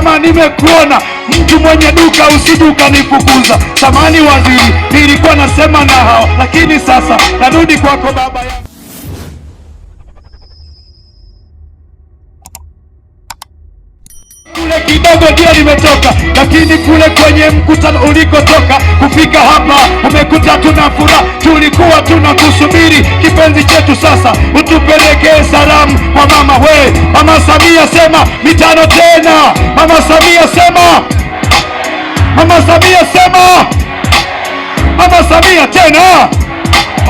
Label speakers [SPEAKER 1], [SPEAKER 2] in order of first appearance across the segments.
[SPEAKER 1] Sema nimekuona mtu mwenye duka, usije ukanifukuza. Samani waziri, nilikuwa nasema na hao, lakini sasa narudi kwako baba yangu. ndio nimetoka, lakini kule kwenye mkutano ulikotoka kufika hapa umekuta tuna furaha, tulikuwa tunakusubiri kipenzi chetu, sasa utupelekee salamu kwa mama we. Mama Samia sema mitano tena, mama Samia sema, mama Samia sema, mama Samia tena.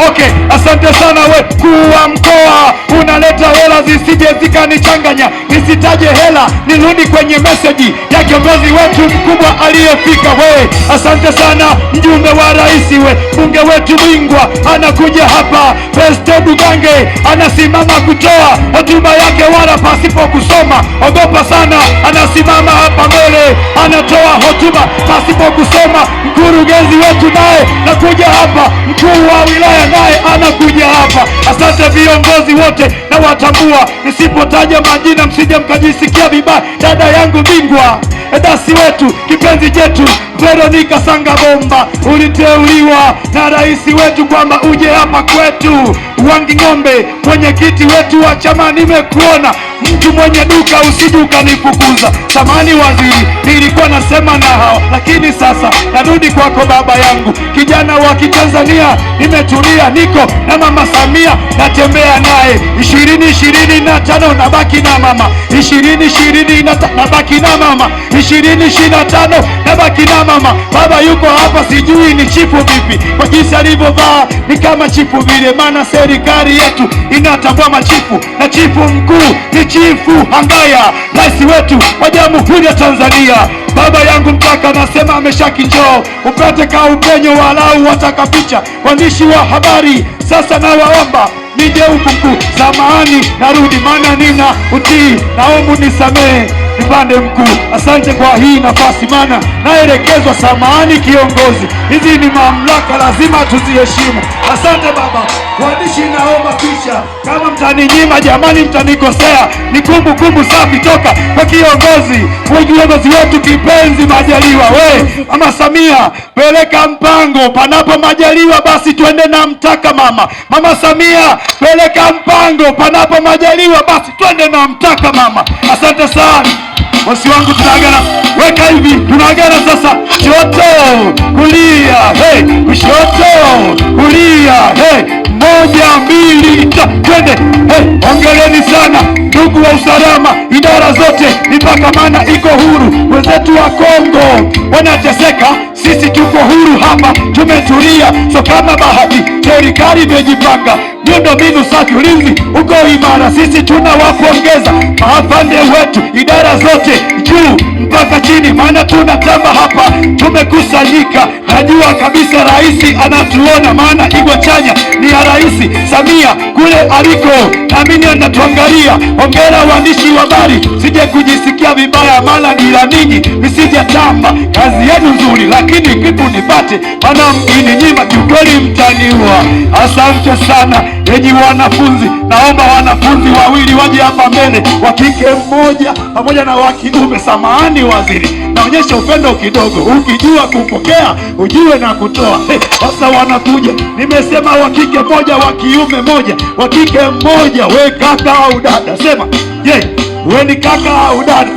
[SPEAKER 1] Okay, asante sana we mkuu wa mkoa, unaleta hela zisije zikanichanganya, nisitaje hela, nirudi kwenye meseji ya kiongozi wetu mkubwa aliyefika. we asante sana mjumbe wa rais, we mbunge wetu Bingwa anakuja hapa, Beste Bugange anasimama kutoa hotuba yake wala pasipo kusoma. Ogopa sana, anasimama hapa mbele ana atatoa hotuba pasipo kusema. Mkurugenzi wetu naye nakuja hapa, mkuu wa wilaya naye anakuja hapa. Asante viongozi wote na watambua, nisipotaja majina msije mkajisikia vibaya. Dada yangu bingwa dasi wetu kipenzi chetu Veronika Sangabomba, uliteuliwa na rais wetu kwamba uje hapa kwetu. Wanging'ombe, mwenyekiti wetu wa chama, nimekuona mtu mwenye duka, usiduka nifukuza. Samani waziri, nilikuwa na Ninasema na hao, lakini sasa narudi kwako Baba yangu. Kijana wa Kitanzania nimetulia, niko na Mama Samia, natembea naye ishirini ishirini na tano nabaki na mama ishirini ishirini nabaki na mama ishirini ishirini na tano nabaki na mama. Baba yuko hapa, sijui ni chifu vipi, kwa jinsi alivyovaa ni kama chifu vile, maana serikali yetu inatambua machifu na chifu mkuu ni Chifu Hangaya, rais wetu wa Jamhuri ya Tanzania. Baba yangu mtaka nasema ameshakijoo, upate ka upenyo walau wataka picha. Waandishi wa habari sasa nawaomba nije huku mkuu, samahani narudi, maana nina utii, naomba nisamehe. Mpande mkuu, asante kwa hii nafasi, maana naelekezwa. samani kiongozi, hizi ni mamlaka, lazima tuziheshimu. Asante baba. Waandishi, naomba picha, kama mtaninyima jamani, mtanikosea. Ni kumbukumbu safi toka kwa kiongozi kiongozi wetu kipenzi Majaliwa, we mama Samia, peleka mpango panapo Majaliwa, basi twende na mtaka mama. Mama Samia, peleka mpango panapo Majaliwa, basi twende na mtaka mama. Asante sana wasi wangu, tunaagana, weka hivi, tunaagana sasa, shoto kulia, hey, kushoto kulia, hey, moja mbili twende, hey, ongeleni sana ndugu wa usalama, idara zote, mana iko huru. Wenzetu wa Kongo wanateseka, sisi tuko huru hapa, tumetulia. So kama bahati serikali imejipanga mbinu safi, ulinzi uko imara, sisi tuna wakuongeza maafande wetu, idara zote juu mpaka chini, maana tuna tamba hapa tumekusanyika. Najua kabisa rais anatuona, maana Igwa Chanya ni ya Rais Samia kule aliko, naamini anatuangalia. Hongera waandishi wa habari, sije kujisikia vibaya, maana bila ninyi misija tamba. Kazi yenu nzuri, lakini kipu nipate, maana mkininyima kiukweli mtaniua. Asante sana. Enyi wanafunzi. Naomba wanafunzi wawili waje hapa mbele, wa kike mmoja pamoja na wa kiume. Samahani waziri, naonyesha upendo kidogo, ukijua kupokea ujue na kutoa. Sasa hey, wanakuja, nimesema wa kike moja, wa kiume moja, wa kike mmoja. We kaka au dada, sema je, yeah. We ni kaka au dada?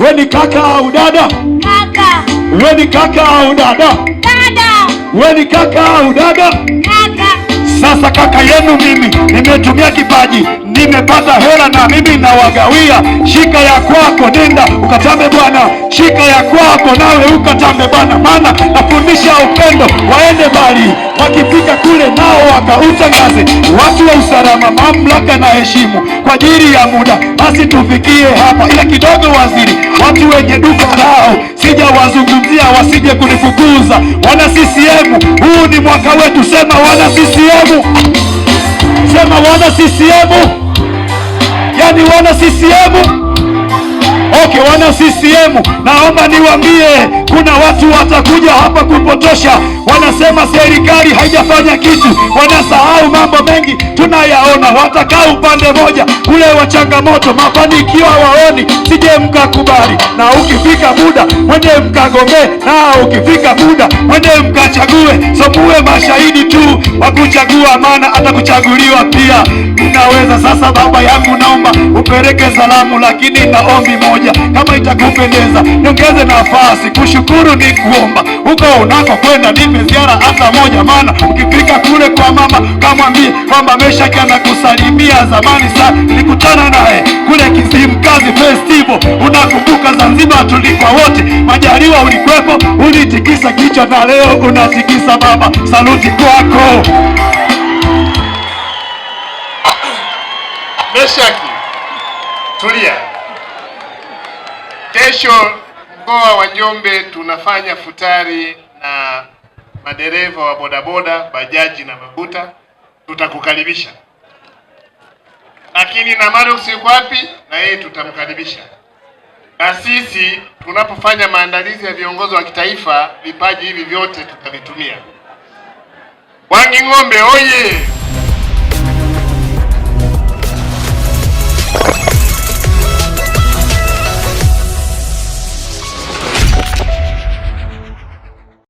[SPEAKER 1] We ni kaka au dada?
[SPEAKER 2] Kaka.
[SPEAKER 1] We ni kaka au dada?
[SPEAKER 2] Dada.
[SPEAKER 1] We ni kaka au dada? Sasa kaka yenu mimi nimetumia kipaji, nimepata hela na mimi nawagawia. Shika ya kwako, nenda ukatambe Bwana, shika ya kwako nawe ukatambe Bwana, maana nafundisha upendo, waende mbali. Wakifika kule nao wakautangaze, watu wa usalama, mamlaka na heshima kwa ajili ya muda. Basi tufikie hapa, ila kidogo waziri, watu wenye duka lao sijawazungu wasije kunifukuza. Wana CCM, huu ni mwaka wetu. Sema wana CCM, sema wana CCM, yani wana CCM. Okay, wana CCM, naomba niwaambie kuna watu watakuja hapa kupotosha, wanasema serikali haijafanya kitu, wanasahau mambo mengi tunayaona. Watakaa upande moja kule wa changamoto, mafanikio hawaoni, sije mkakubali. Na ukifika muda mwende mkagombee, na ukifika muda mwende mkachague, so mashahidi tu wa kuchagua, maana atakuchaguliwa pia. inaweza sasa, baba yangu, naomba upeleke salamu, lakini na ombi moja, kama itakupendeza niongeze nafasi kushukuru ni kuomba. Huko unakokwenda nipe ziara hata moja, maana ukifika kule kwa mama kamwambie kwamba Meshaki anakusalimia. Zamani sana nilikutana naye kule Kizimkazi Festival, unakumbuka? Zanzibar tulikuwa wote, Majaliwa ulikwepo, ulitikisa kichwa na leo unatikisa baba. Saluti kwako
[SPEAKER 3] Meshaki. Tulia, kesho Mkoa wa Njombe tunafanya futari na madereva wa bodaboda, bajaji na mabuta tutakukaribisha. Lakini na Marux yuko wapi? Na yeye tutamkaribisha. Na sisi tunapofanya maandalizi ya viongozi wa kitaifa, vipaji hivi vyote tutavitumia. wangi ngombe oye!